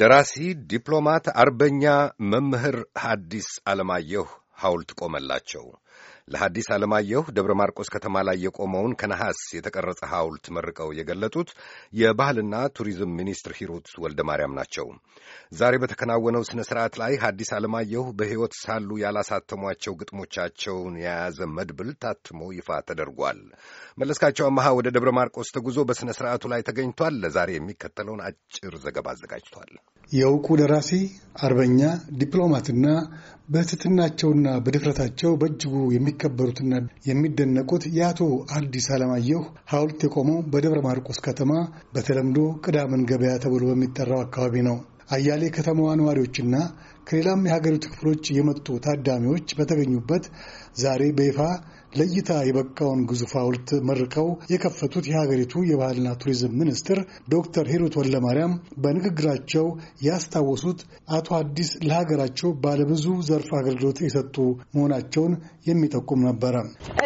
ደራሲ፣ ዲፕሎማት፣ አርበኛ መምህር ሐዲስ ዓለማየሁ ሐውልት ቆመላቸው። ለሐዲስ ዓለማየሁ ደብረ ማርቆስ ከተማ ላይ የቆመውን ከነሐስ የተቀረጸ ሐውልት መርቀው የገለጡት የባህልና ቱሪዝም ሚኒስትር ሂሩት ወልደ ማርያም ናቸው። ዛሬ በተከናወነው ሥነ ሥርዓት ላይ ሐዲስ ዓለማየሁ በሕይወት ሳሉ ያላሳተሟቸው ግጥሞቻቸውን የያዘ መድብል ታትሞ ይፋ ተደርጓል። መለስካቸው አመሃ ወደ ደብረ ማርቆስ ተጉዞ በሥነ ሥርዓቱ ላይ ተገኝቷል። ለዛሬ የሚከተለውን አጭር ዘገባ አዘጋጅቷል። የእውቁ ደራሲ አርበኛ ዲፕሎማትና በትህትናቸውና በድፍረታቸው በእጅጉ የሚከበሩትና የሚደነቁት የአቶ አዲስ አለማየሁ ሐውልት የቆመው በደብረ ማርቆስ ከተማ በተለምዶ ቅዳምን ገበያ ተብሎ በሚጠራው አካባቢ ነው። አያሌ ከተማዋ ነዋሪዎችና ከሌላም የሀገሪቱ ክፍሎች የመጡ ታዳሚዎች በተገኙበት ዛሬ በይፋ ለእይታ የበቃውን ግዙፍ ሐውልት መርቀው የከፈቱት የሀገሪቱ የባህልና ቱሪዝም ሚኒስትር ዶክተር ሂሩት ወለማርያም በንግግራቸው ያስታወሱት አቶ አዲስ ለሀገራቸው ባለብዙ ዘርፍ አገልግሎት የሰጡ መሆናቸውን የሚጠቁም ነበረ።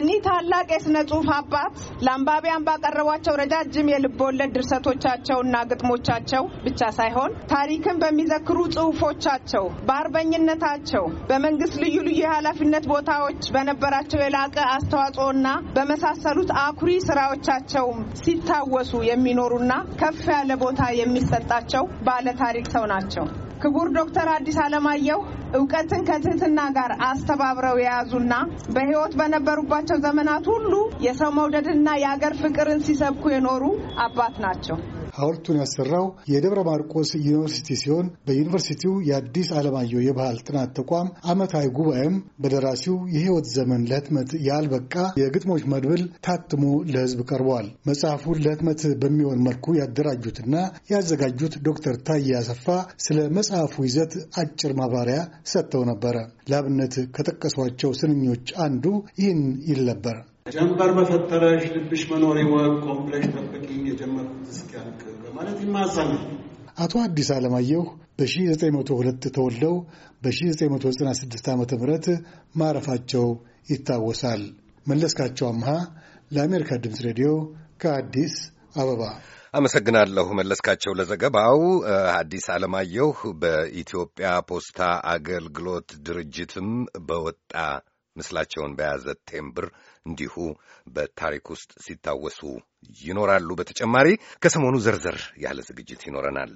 እኒህ ታላቅ የሥነ ጽሑፍ አባት ለአንባቢያን ባቀረቧቸው ረጃጅም የልብወለድ ድርሰቶቻቸውና ግጥሞቻቸው ብቻ ሳይሆን ታሪክን በሚዘክሩ ጽሑፎቻቸው በአርበኝነታቸው በመንግስት ልዩ ልዩ የኃላፊነት ቦታዎች በነበራቸው የላቀ አስተዋጽኦና በመሳሰሉት አኩሪ ስራዎቻቸው ሲታወሱ የሚኖሩና ከፍ ያለ ቦታ የሚሰጣቸው ባለ ታሪክ ሰው ናቸው። ክቡር ዶክተር አዲስ አለማየሁ እውቀትን ከትህትና ጋር አስተባብረው የያዙና በህይወት በነበሩባቸው ዘመናት ሁሉ የሰው መውደድና የአገር ፍቅርን ሲሰብኩ የኖሩ አባት ናቸው። ሐውልቱን ያሰራው የደብረ ማርቆስ ዩኒቨርሲቲ ሲሆን በዩኒቨርሲቲው የአዲስ ዓለማየሁ የባህል ጥናት ተቋም ዓመታዊ ጉባኤም በደራሲው የሕይወት ዘመን ለህትመት ያልበቃ የግጥሞች መድብል ታትሞ ለህዝብ ቀርቧል። መጽሐፉን ለህትመት በሚሆን መልኩ ያደራጁትና ያዘጋጁት ዶክተር ታዬ አሰፋ ስለ መጽሐፉ ይዘት አጭር ማብራሪያ ሰጥተው ነበረ። ለአብነት ከጠቀሷቸው ስንኞች አንዱ ይህን ይል ነበር። ጀንበር በፈጠረሽ ልብሽ መኖር ይወቅ ቆም ጠብቅኝ የጀመርኩት እስኪያልቅ በማለት ይማሳል። አቶ አዲስ አለማየሁ በ1902 ተወልደው በ1996 ዓ ም ማረፋቸው ይታወሳል። መለስካቸው አምሃ ለአሜሪካ ድምፅ ሬዲዮ ከአዲስ አበባ አመሰግናለሁ መለስካቸው ለዘገባው። አዲስ አለማየሁ በኢትዮጵያ ፖስታ አገልግሎት ድርጅትም በወጣ ምስላቸውን በያዘ ቴምብር እንዲሁ በታሪክ ውስጥ ሲታወሱ ይኖራሉ። በተጨማሪ ከሰሞኑ ዘርዘር ያለ ዝግጅት ይኖረናል።